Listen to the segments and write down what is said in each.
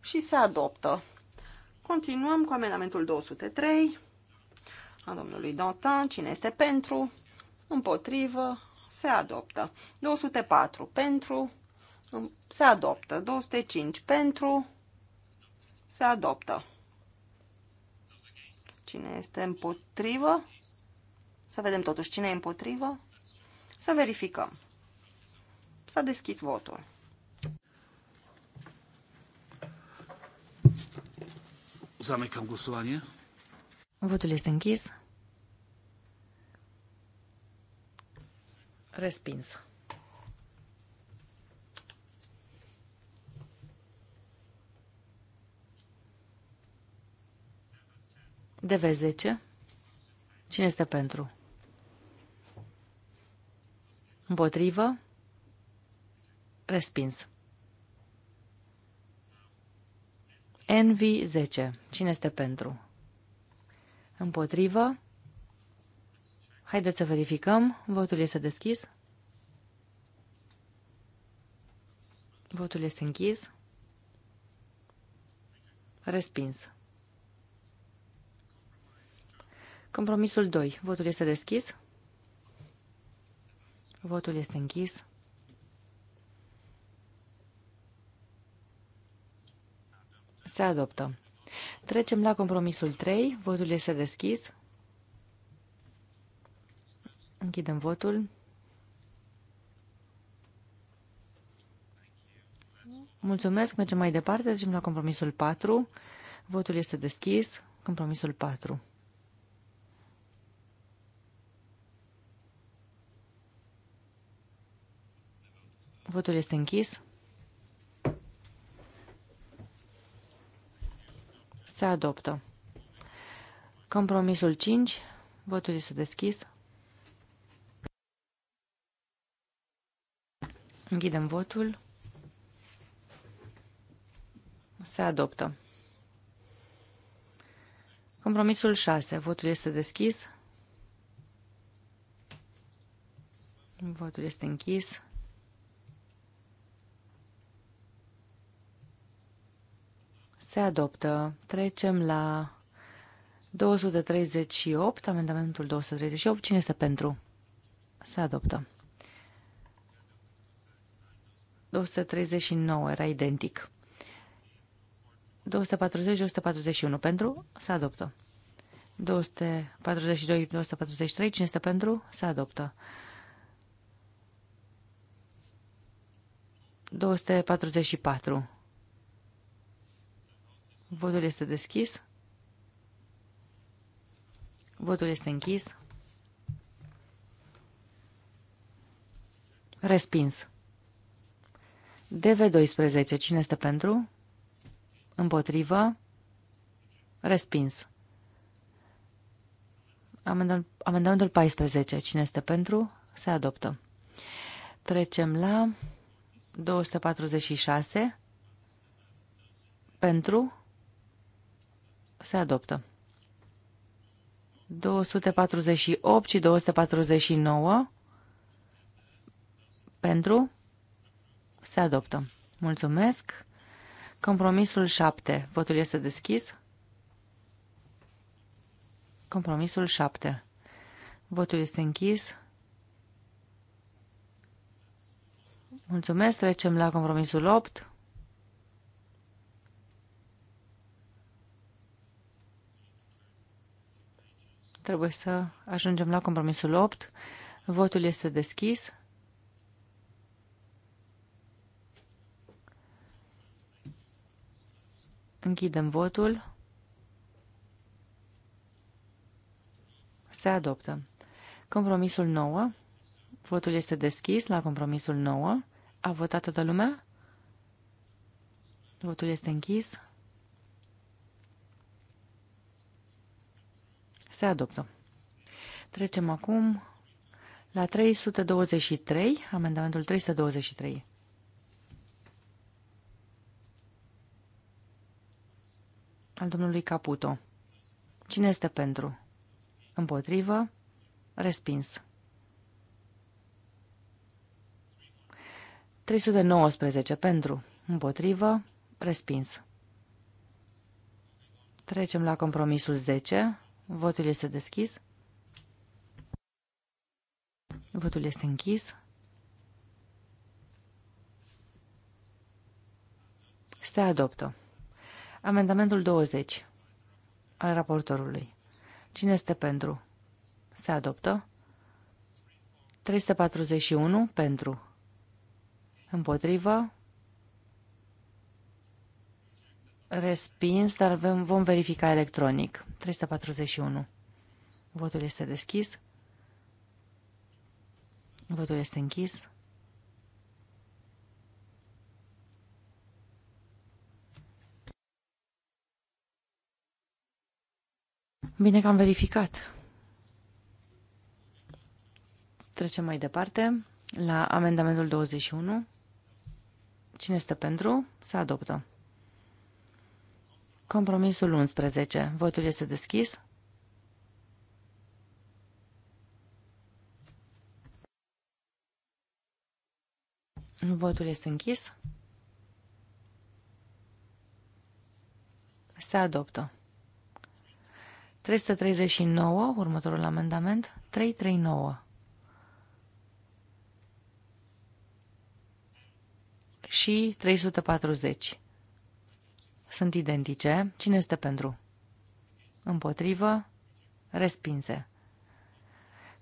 și se adoptă. Continuăm cu amendamentul 203 a domnului Dantin. Cine este pentru? Împotrivă? Se adoptă. 204 pentru? Se adoptă. 205 pentru? Se adoptă. Cine este împotrivă? Să vedem totuși cine e împotrivă. Să verificăm. S-a deschis votul. Zamykam głosowanie. Votul este închis. Respins. DV10. Cine este pentru? Împotrivă? Respins. NV10. Cine este pentru? Împotrivă? Haideți să verificăm. Votul este deschis. Votul este închis. Respins. Compromisul 2. Votul este deschis. Votul este închis. Se adoptă. Trecem la compromisul 3. Votul este deschis. Închidem votul. Mulțumesc. Mergem mai departe. Trecem la compromisul 4. Votul este deschis. Compromisul 4. Votul este închis. Se adoptă. Compromisul 5. Votul este deschis. Închidem votul. Se adoptă. Compromisul 6. Votul este deschis. Votul este închis. se adoptă. Trecem la 238, amendamentul 238. Cine este pentru? Se adoptă. 239 era identic. 240 241 pentru? Se adoptă. 242, 243, cine este pentru? Se adoptă. 244 Votul este deschis. Votul este închis. Respins. DV12. Cine este pentru? Împotrivă. Respins. Amendamentul 14. Cine este pentru? Se adoptă. Trecem la 246. Pentru. Se adoptă. 248 și 249 pentru se adoptă. Mulțumesc. Compromisul 7. Votul este deschis. Compromisul 7. Votul este închis. Mulțumesc. Trecem la compromisul 8. Trebuie să ajungem la compromisul 8. Votul este deschis. Închidem votul. Se adoptă. Compromisul 9. Votul este deschis la compromisul 9. A votat toată lumea? Votul este închis. Se adoptă. Trecem acum la 323, amendamentul 323. Al domnului Caputo. Cine este pentru? Împotrivă? Respins. 319 pentru, împotrivă, respins. Trecem la compromisul 10. Votul este deschis. Votul este închis. Se adoptă. Amendamentul 20 al raportorului. Cine este pentru? Se adoptă. 341 pentru. Împotrivă. Respins, dar vom verifica electronic. 341. Votul este deschis. Votul este închis. Bine că am verificat. Trecem mai departe la amendamentul 21. Cine este pentru, Să adoptă. Compromisul 11. Votul este deschis. Votul este închis. Se adoptă. 339, următorul amendament, 339. Și 340 sunt identice. Cine este pentru? Împotrivă? Respinse.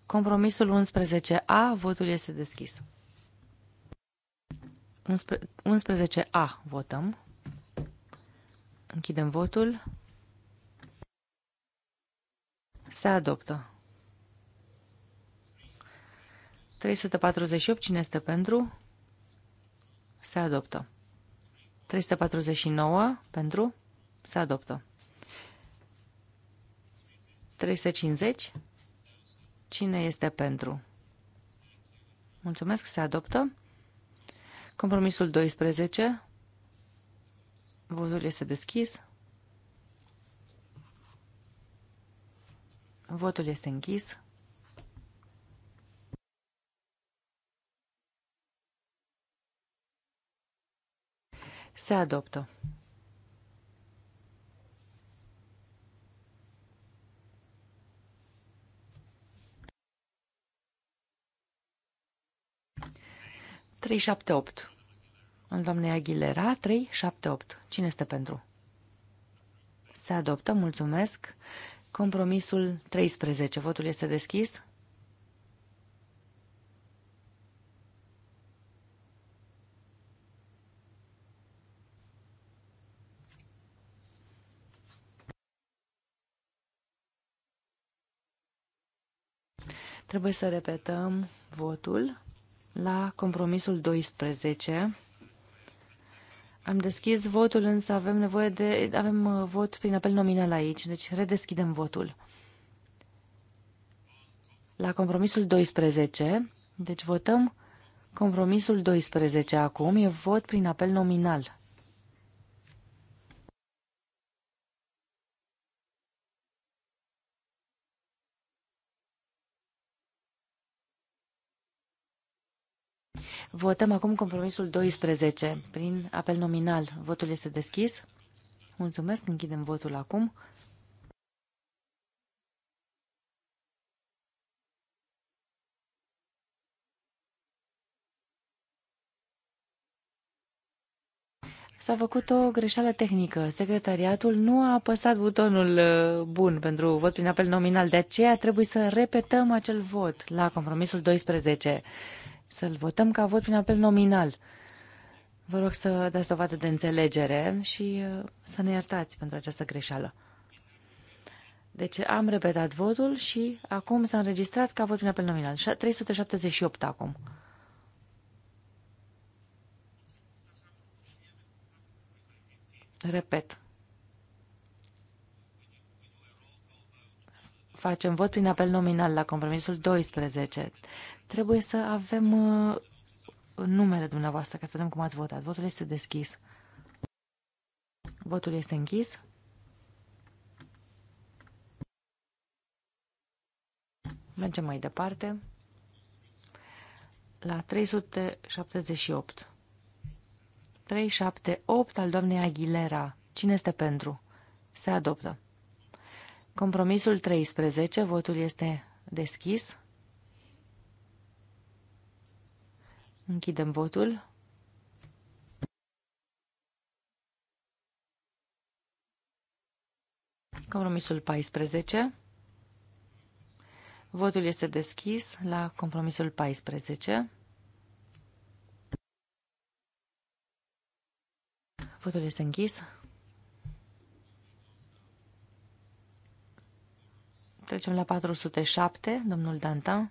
Compromisul 11A, votul este deschis. 11A votăm. Închidem votul. Se adoptă. 348, cine este pentru? Se adoptă. 349 pentru se adoptă. 350 cine este pentru? Mulțumesc, se adoptă. Compromisul 12 votul este deschis. Votul este închis. Se adoptă. Trei șapte opt. În doamne Aguilera, opt. Cine este pentru? Se adoptă, mulțumesc. Compromisul 13. Votul este deschis. Trebuie să repetăm votul la compromisul 12. Am deschis votul, însă avem nevoie de... avem uh, vot prin apel nominal aici, deci redeschidem votul. La compromisul 12, deci votăm compromisul 12 acum, e vot prin apel nominal. Votăm acum compromisul 12 prin apel nominal. Votul este deschis. Mulțumesc, închidem votul acum. S-a făcut o greșeală tehnică. Secretariatul nu a apăsat butonul uh, bun pentru vot prin apel nominal, de aceea trebuie să repetăm acel vot la compromisul 12. Să-l votăm ca vot prin apel nominal. Vă rog să dați dovadă de înțelegere și uh, să ne iertați pentru această greșeală. Deci am repetat votul și acum s-a înregistrat ca vot prin apel nominal. 378 acum. Repet. Facem vot prin apel nominal la compromisul 12. Trebuie să avem uh, numele dumneavoastră ca să vedem cum ați votat. Votul este deschis. Votul este închis. Mergem mai departe. La 378. 378 al doamnei Aguilera. Cine este pentru? Se adoptă. Compromisul 13, votul este deschis. Închidem votul. Compromisul 14. Votul este deschis la compromisul 14. Votul este închis. Trecem la 407, domnul Dantin.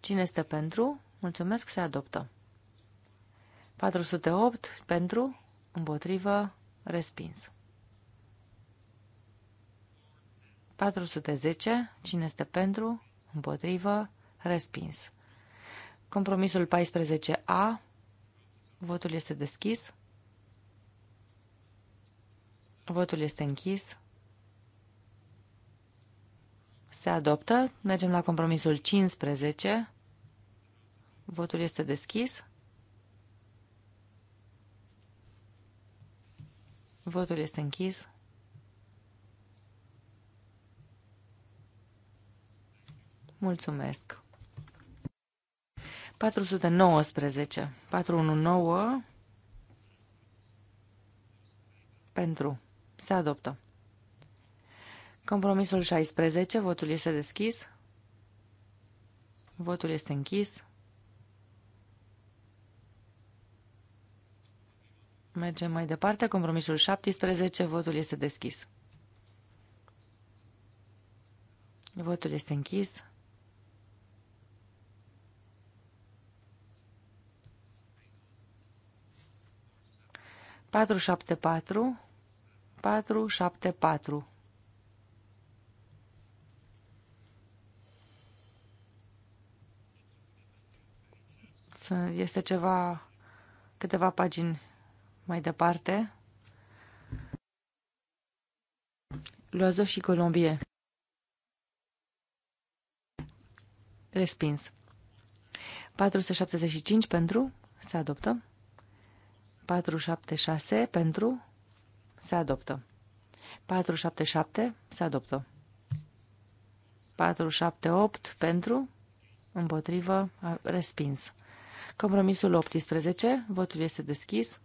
Cine este pentru? Mulțumesc, se adoptă. 408 pentru, împotrivă, respins. 410, cine este pentru, împotrivă, respins. Compromisul 14A, votul este deschis. Votul este închis. Se adoptă. Mergem la compromisul 15. Votul este deschis. Votul este închis. Mulțumesc. 419. 419 pentru se adoptă. Compromisul 16, votul este deschis. Votul este închis. Mergem mai departe. Compromisul 17, votul este deschis. Votul este închis. Patru șapte patru. 474. Este ceva, câteva pagini mai departe. Loazo și Colombie. Respins. 475 pentru. Se adoptă. 476 pentru. Se adoptă. 477 se adoptă. 478 pentru, împotrivă, respins. Compromisul 18, votul este deschis.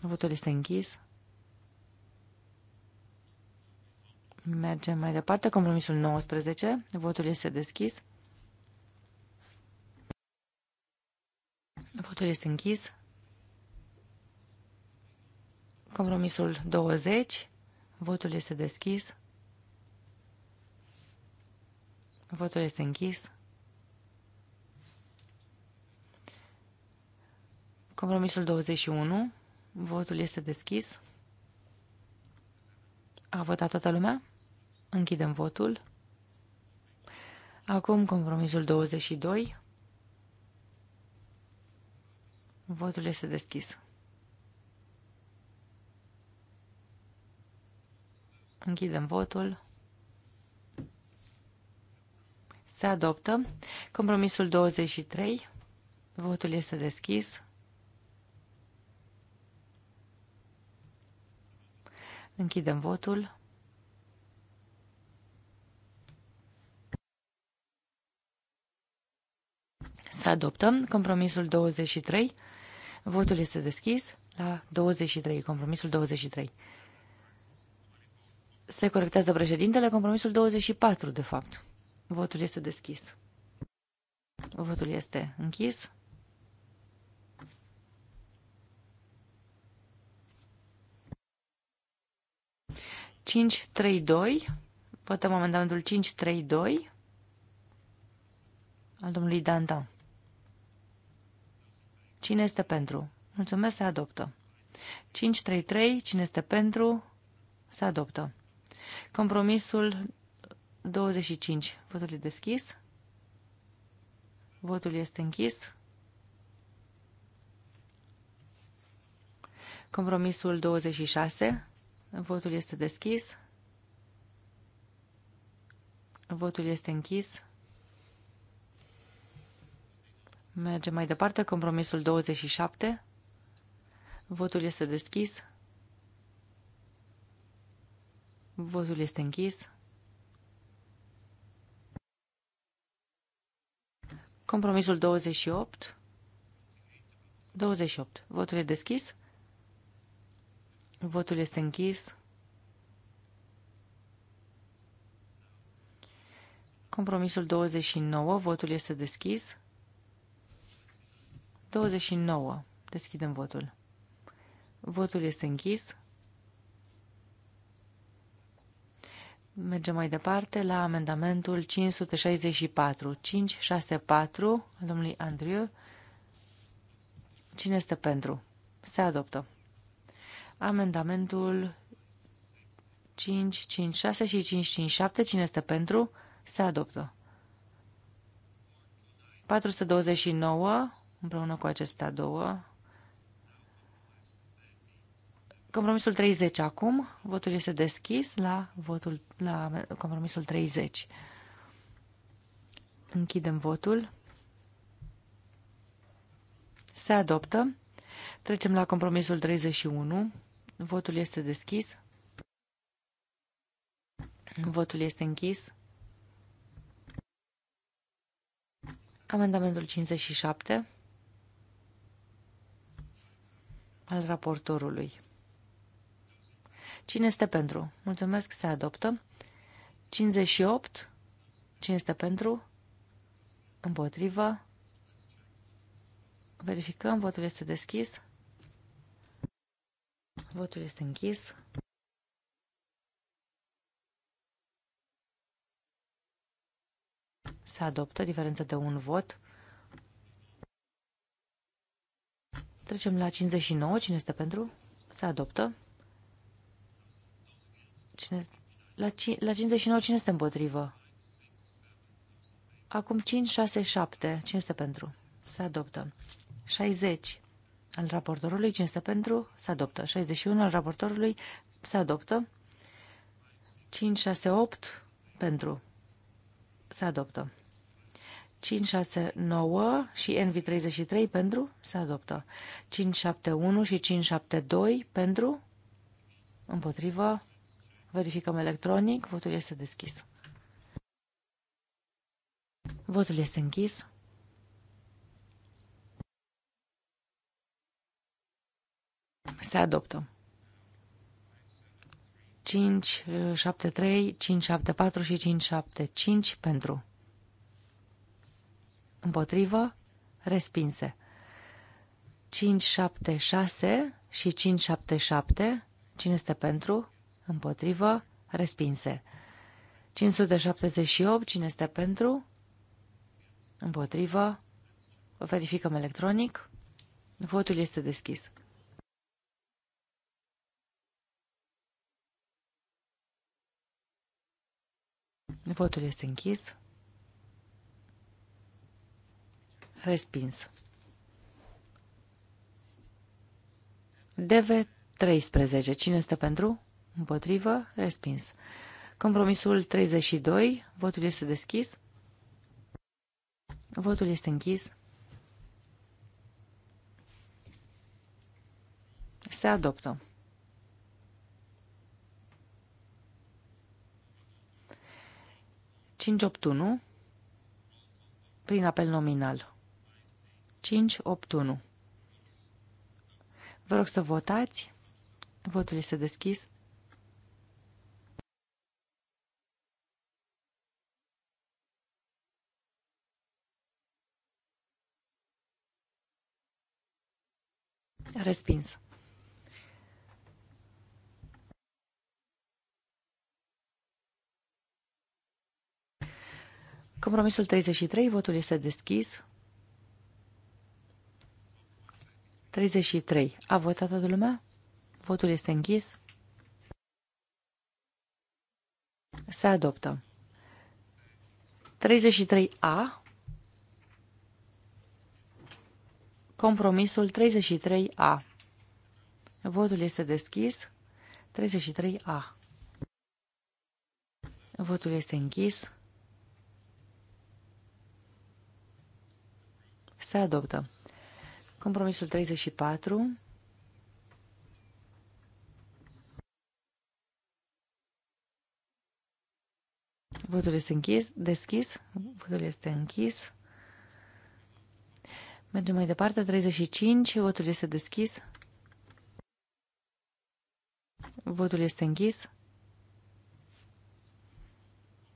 Votul este închis. Mergem mai departe. Compromisul 19. Votul este deschis. Votul este închis. Compromisul 20. Votul este deschis. Votul este închis. Compromisul 21. Votul este deschis. A votat toată lumea? Închidem votul. Acum compromisul 22. Votul este deschis. Închidem votul. Se adoptă. Compromisul 23. Votul este deschis. Închidem votul. Se adoptă compromisul 23. Votul este deschis la 23, compromisul 23. Se corectează președintele, compromisul 24, de fapt. Votul este deschis. Votul este închis. Cinci, trei, doi. Votăm amendamentul cinci trei doi, al domnului Danta. Cine este pentru? Mulțumesc, se adoptă. trei, cine este pentru? Se adoptă. Compromisul 25. Votul e deschis. Votul este închis. Compromisul 26. Votul este deschis. Votul este închis. Mergem mai departe. Compromisul 27. Votul este deschis. Votul este închis. Compromisul 28. 28. Votul e deschis. Votul este închis. Compromisul 29. Votul este deschis. 29. Deschidem votul. Votul este închis. Mergem mai departe la amendamentul 564. 564 al domnului Andriu. Cine este pentru? Se adoptă. Amendamentul 556 și 557. Cine este pentru? Se adoptă. 429 împreună cu acestea două Compromisul 30 acum. Votul este deschis la, votul, la compromisul 30. Închidem votul. Se adoptă. Trecem la compromisul 31. Votul este deschis. Votul este închis. Amendamentul 57 al raportorului. Cine este pentru? Mulțumesc, se adoptă. 58. Cine este pentru? Împotrivă. Verificăm, votul este deschis. Votul este închis. Se adoptă diferență de un vot. Trecem la 59. Cine este pentru? Se adoptă. Cine, la, ci, la 59 cine este împotrivă? Acum 5, 6, 7. Cine este pentru? Se adoptă. 60 al raportorului. Cine este pentru? Se adoptă. 61 al raportorului. Se adoptă. 5, 6, 8 pentru. Se adoptă. 5, 6, 9 și NV33 pentru se adoptă. 5, 7, 1 și 5, 7, 2 pentru împotrivă Verificăm electronic. Votul este deschis. Votul este închis. Se adoptă. 5, 7, 3, 5, 7, 4 și 5, 7, 5 pentru. Împotrivă, respinse. 5, 7, 6 și 5, 7, 7. Cine este pentru? împotrivă, respinse. 578, cine este pentru, împotrivă, verificăm electronic, votul este deschis. Votul este închis. Respins. DV 13. Cine este pentru? Împotrivă. Respins. Compromisul 32. Votul este deschis. Votul este închis. Se adoptă. Cinci opt unu prin apel nominal. Cinci opt unu. Vă rog să votați. Votul este deschis. Respins. Compromisul 33, votul este deschis. 33. A votat toată lumea? Votul este închis. Se adoptă. 33A. Compromisul 33A. Votul este deschis. 33A. Votul este închis. Se adoptă. Compromisul 34. Votul este închis, deschis, votul este închis. Mergem mai departe, 35, votul este deschis. Votul este închis.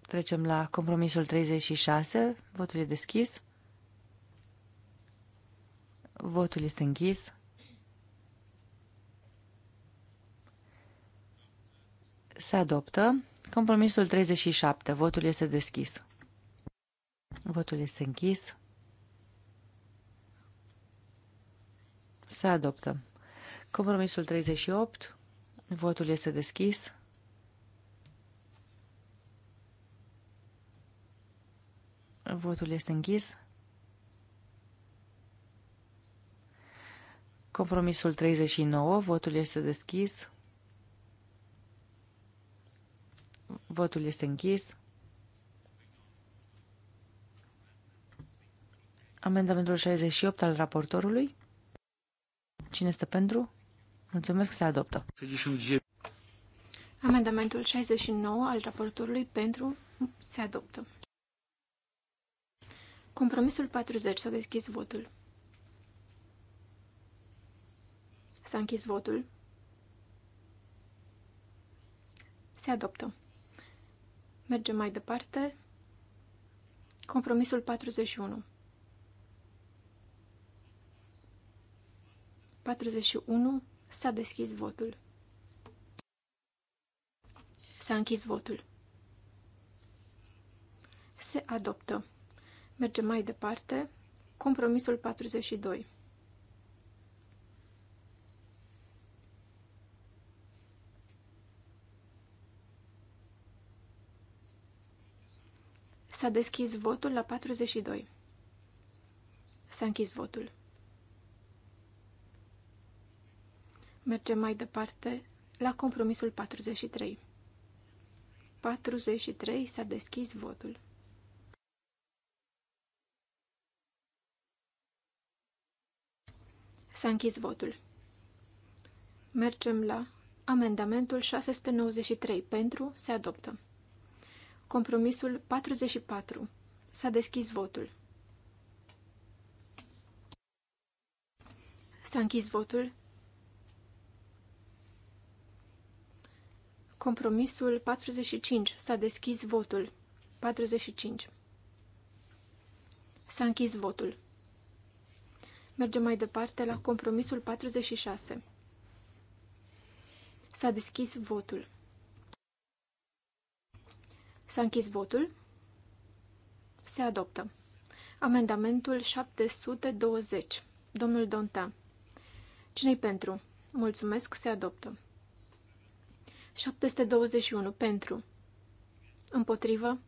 Trecem la compromisul 36, votul este deschis. Votul este închis. Se adoptă. Compromisul 37. Votul este deschis. Votul este închis. Se adoptă. Compromisul 38. Votul este deschis. Votul este închis. Compromisul 39. Votul este deschis. Votul este închis. Amendamentul 68 al raportorului. Cine este pentru? Mulțumesc, se adoptă. Amendamentul 69 al raportorului pentru se adoptă. Compromisul 40 s-a deschis votul. S-a închis votul. Se adoptă. Mergem mai departe. Compromisul 41. 41. S-a deschis votul. S-a închis votul. Se adoptă. Mergem mai departe. Compromisul 42. S-a deschis votul la 42. S-a închis votul. Mergem mai departe la compromisul 43. 43 s-a deschis votul. S-a închis votul. Mergem la amendamentul 693. Pentru se adoptă. Compromisul 44. S-a deschis votul. S-a închis votul. Compromisul 45. S-a deschis votul. 45. S-a închis votul. Mergem mai departe la compromisul 46. S-a deschis votul. S-a închis votul. Se adoptă. Amendamentul 720. Domnul Donta. Cine-i pentru? Mulțumesc, se adoptă. 721 pentru. Împotrivă.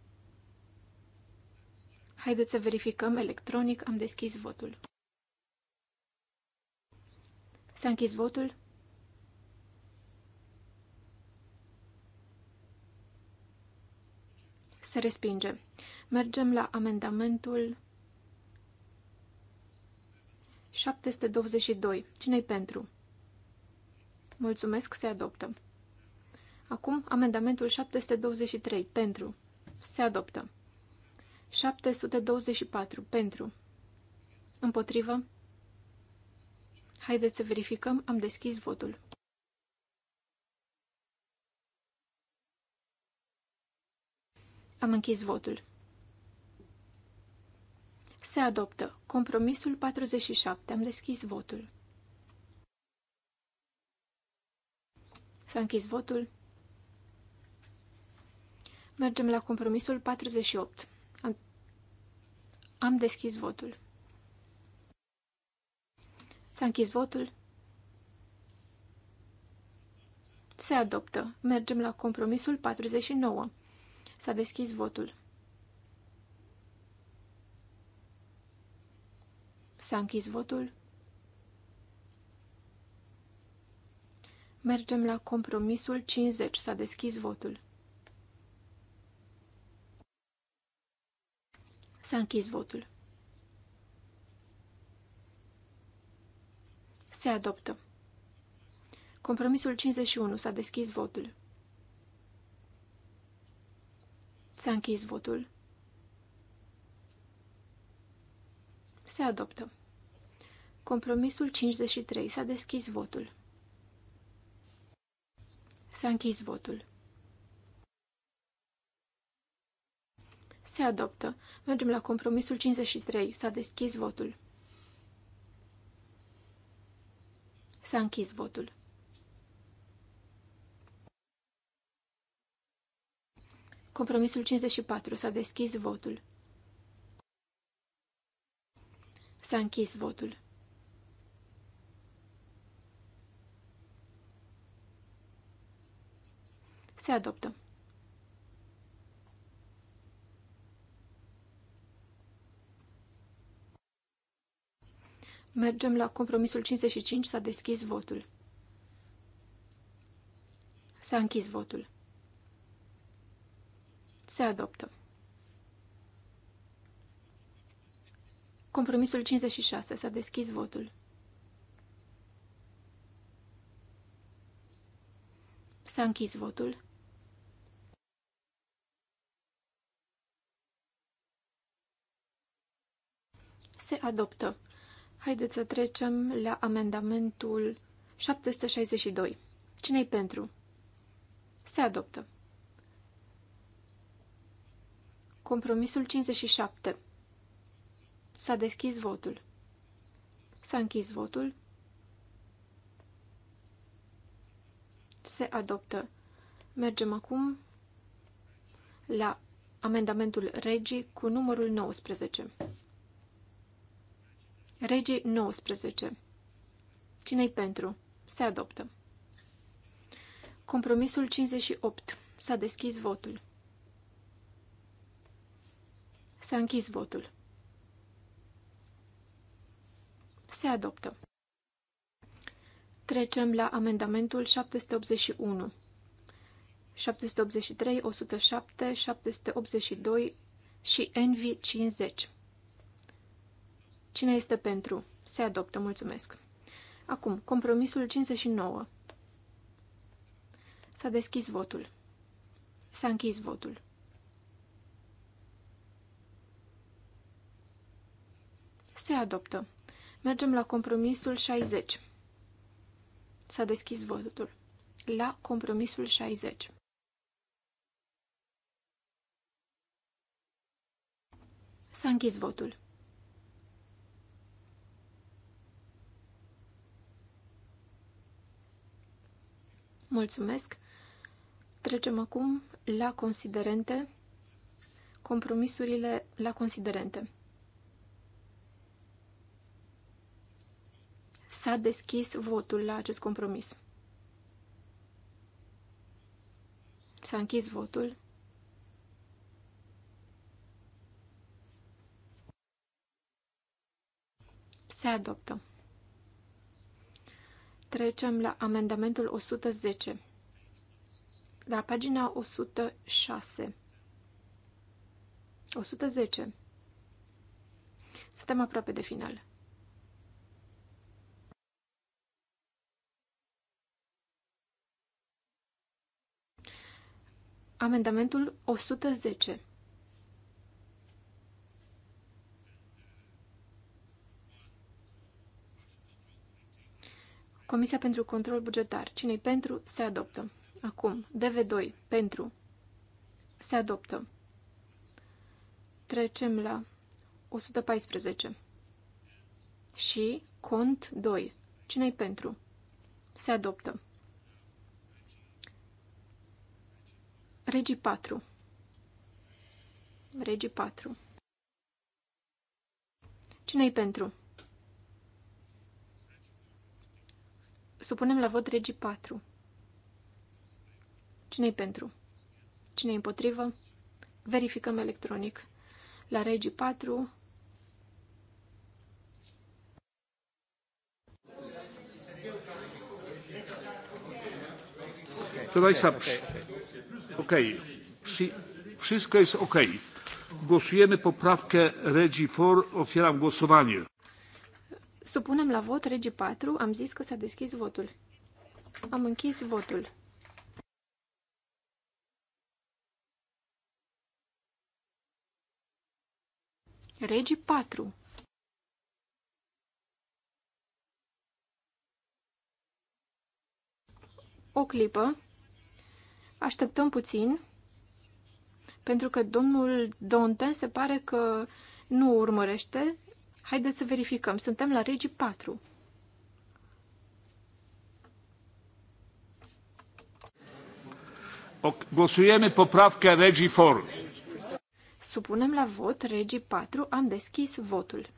Haideți să verificăm electronic. Am deschis votul. S-a închis votul. Se respinge. Mergem la amendamentul 722. Cine-i pentru? Mulțumesc, se adoptă. Acum, amendamentul 723 pentru. Se adoptă. 724 pentru. Împotrivă. Haideți să verificăm. Am deschis votul. Am închis votul. Se adoptă. Compromisul 47. Am deschis votul. S-a închis votul. Mergem la compromisul 48. Am, am deschis votul. S-a închis votul. Se adoptă. Mergem la compromisul 49. S-a deschis votul. S-a închis votul. Mergem la compromisul 50. S-a deschis votul. S-a închis votul. Se adoptă. Compromisul 51. S-a deschis votul. S-a închis votul. Se adoptă. Compromisul 53. S-a deschis votul. S-a închis votul. Se adoptă. Mergem la compromisul 53. S-a deschis votul. S-a închis votul. Compromisul 54. S-a deschis votul. S-a închis votul. Se adoptă. Mergem la compromisul 55, s-a deschis votul. S-a închis votul. Se adoptă. Compromisul 56. S-a deschis votul. S-a închis votul. Se adoptă. Haideți să trecem la amendamentul 762. Cine-i pentru? Se adoptă. Compromisul 57. S-a deschis votul. S-a închis votul. Se adoptă. Mergem acum la amendamentul regii cu numărul 19. Regii 19. Cine-i pentru? Se adoptă. Compromisul 58. S-a deschis votul. S-a închis votul. Se adoptă. Trecem la amendamentul 781. 783, 107, 782 și NV 50. Cine este pentru? Se adoptă, mulțumesc. Acum, compromisul 59. S-a deschis votul. S-a închis votul. Se adoptă. Mergem la compromisul 60. S-a deschis votul. La compromisul 60. S-a închis votul. Mulțumesc. Trecem acum la considerente, compromisurile la considerente. S-a deschis votul la acest compromis. S-a închis votul. Se adoptă. Trecem la amendamentul 110. La pagina 106. 110. Suntem aproape de final. Amendamentul 110. Comisia pentru control bugetar. cine pentru? Se adoptă. Acum, DV2. Pentru. Se adoptă. Trecem la 114. Și cont 2. cine pentru? Se adoptă. Regii 4. Regii 4. cine pentru? Supunem la vot regii 4. Cine-i pentru? Cine-i împotrivă? Verificăm electronic. La regii 4... Proszę Państwa, okej, wszystko jest ok. Głosujemy poprawkę Regi 4. Otwieram głosowanie. Supunem la vot regii 4. Am zis că s-a deschis votul. Am închis votul. Regii 4. O clipă. Așteptăm puțin, pentru că domnul Donte se pare că nu urmărește Haideți să verificăm. Suntem la regii 4. Głosujemy poprawkę Regii 4. Supunem la vot Regii 4. Am deschis votul.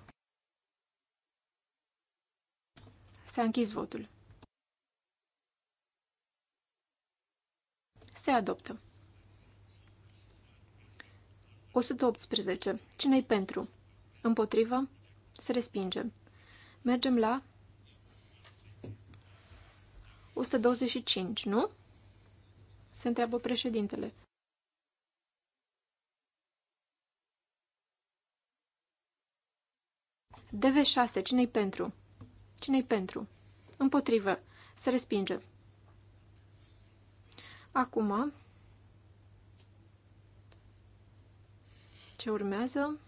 S-a închis votul. Se adoptă. 118. Cine-i pentru? Împotrivă? Se respinge. Mergem la 125, nu? Se întreabă președintele. DV6, cine-i pentru? Cine-i pentru? Împotrivă. Se respinge. Acum, ce urmează?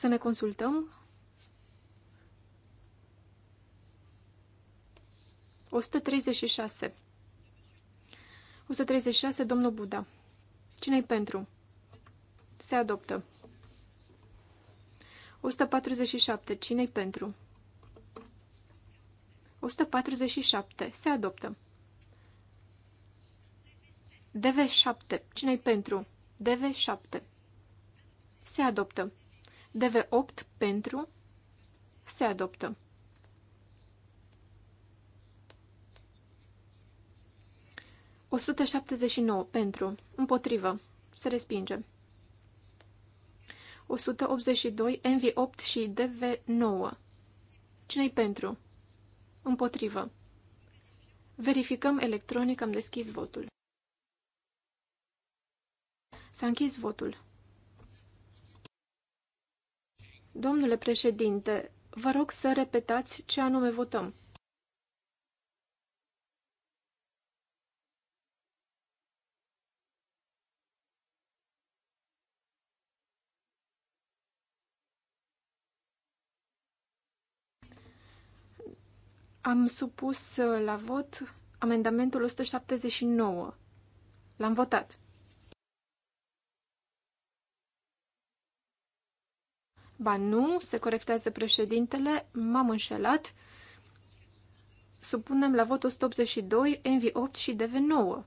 Să ne consultăm. 136. 136, domnul Buddha. Cine-i pentru? Se adoptă. 147. Cine-i pentru? 147. Se adoptă. DV7. Cine-i pentru? DV7. Se adoptă. DV8 pentru se adoptă. O 179 pentru, împotrivă, se respinge. 182, NV8 și DV9. Cine-i pentru? Împotrivă. Verificăm electronic, am deschis votul. S-a închis votul. Domnule președinte, vă rog să repetați ce anume votăm. Am supus uh, la vot amendamentul 179. L-am votat. Ba nu, se corectează președintele, m-am înșelat. Supunem la vot 182, Envi 8 și DV 9.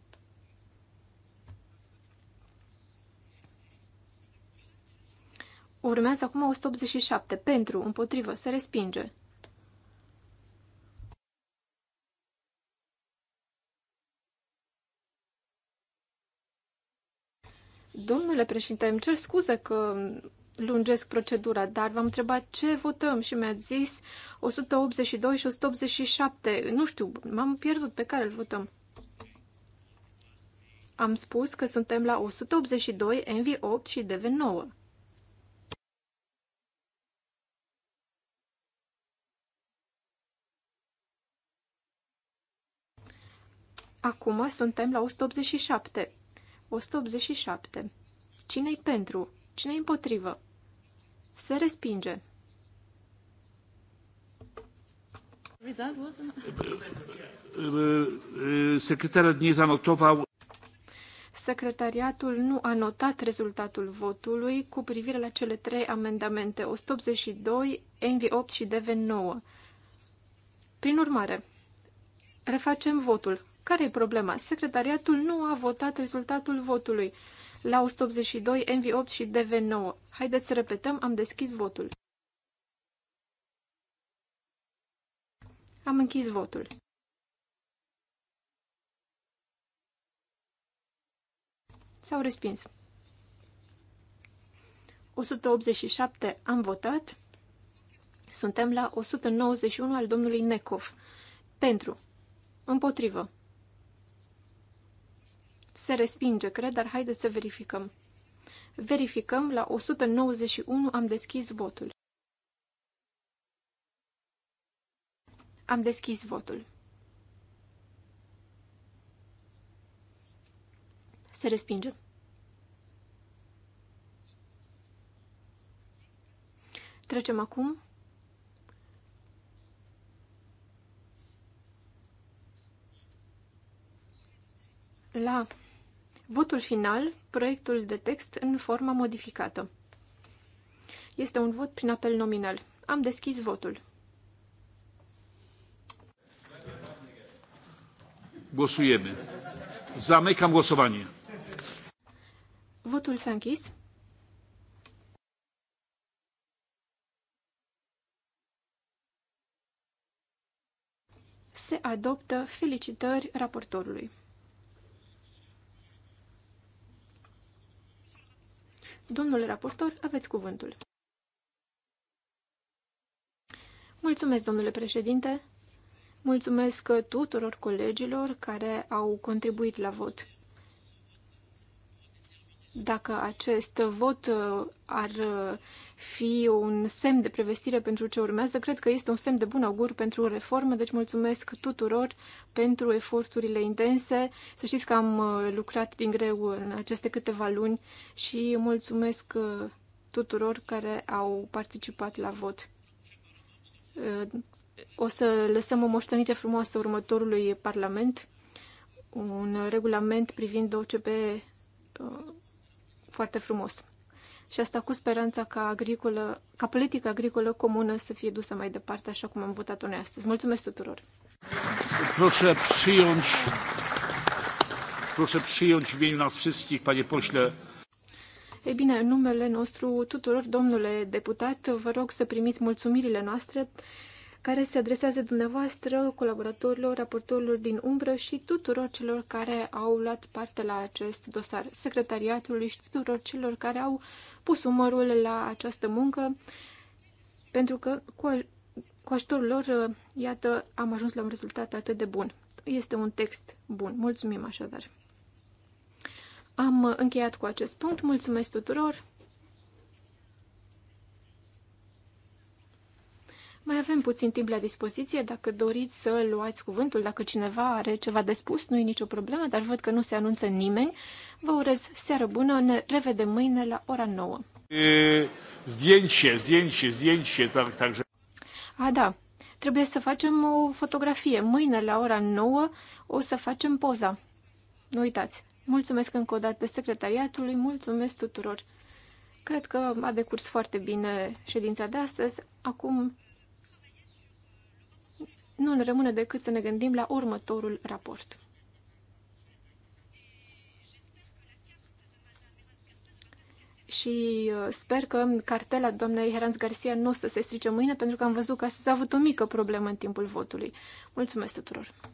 Urmează acum 187. Pentru, împotrivă, se respinge. Domnule președinte, îmi cer scuze că lungesc procedura, dar v-am întrebat ce votăm și mi-ați zis 182 și 187. Nu știu, m-am pierdut pe care îl votăm. Am spus că suntem la 182, NV8 și DV9. Acum suntem la 187. 187. Cine-i pentru? Cine împotrivă? Se respinge. Secretarul Secretariatul nu a notat rezultatul votului cu privire la cele trei amendamente 182, NV8 și DV9. Prin urmare, refacem votul. Care e problema? Secretariatul nu a votat rezultatul votului la 182, NV8 și DV9. Haideți să repetăm, am deschis votul. Am închis votul. S-au respins. 187 am votat. Suntem la 191 al domnului Necov. Pentru. Împotrivă. Se respinge, cred, dar haideți să verificăm. Verificăm, la 191 am deschis votul. Am deschis votul. Se respinge. Trecem acum la Votul final, proiectul de text în forma modificată. Este un vot prin apel nominal. Am deschis votul. Głosujemy. Zamykam głosowanie. Votul s-a închis. Se adoptă felicitări raportorului. Domnule raportor, aveți cuvântul. Mulțumesc, domnule președinte. Mulțumesc tuturor colegilor care au contribuit la vot dacă acest vot uh, ar uh, fi un semn de prevestire pentru ce urmează, cred că este un semn de bun augur pentru reformă, deci mulțumesc tuturor pentru eforturile intense. Să știți că am uh, lucrat din greu în aceste câteva luni și mulțumesc tuturor care au participat la vot. O să lăsăm o moștenire frumoasă următorului Parlament, un regulament privind OCP foarte frumos. Și asta cu speranța ca, agricolă, ca politică agricolă comună să fie dusă mai departe, așa cum am votat-o noi astăzi. Mulțumesc tuturor! Proszę przyjąć, proszę przyjąć w imieniu nas wszystkich, panie pośle. Ei bine, în numele nostru tuturor, domnule deputat, vă rog să primiți mulțumirile noastre care se adresează dumneavoastră, colaboratorilor, raportorilor din umbră și tuturor celor care au luat parte la acest dosar, secretariatului și tuturor celor care au pus umărul la această muncă, pentru că cu, cu ajutorul lor, iată, am ajuns la un rezultat atât de bun. Este un text bun. Mulțumim așadar. Am încheiat cu acest punct. Mulțumesc tuturor! Mai avem puțin timp la dispoziție. Dacă doriți să luați cuvântul, dacă cineva are ceva de spus, nu e nicio problemă, dar văd că nu se anunță nimeni. Vă urez seară bună, ne revedem mâine la ora 9. Zdjęcie, zdjęcie, zdjęcie, dar, także. A, da, trebuie să facem o fotografie. Mâine la ora 9 o să facem poza. Nu uitați. Mulțumesc încă o dată secretariatului, mulțumesc tuturor. Cred că a decurs foarte bine ședința de astăzi. Acum nu ne rămâne decât să ne gândim la următorul raport. și uh, sper că cartela doamnei Heranz Garcia nu o să se strice mâine, pentru că am văzut că s-a avut o mică problemă în timpul votului. Mulțumesc tuturor!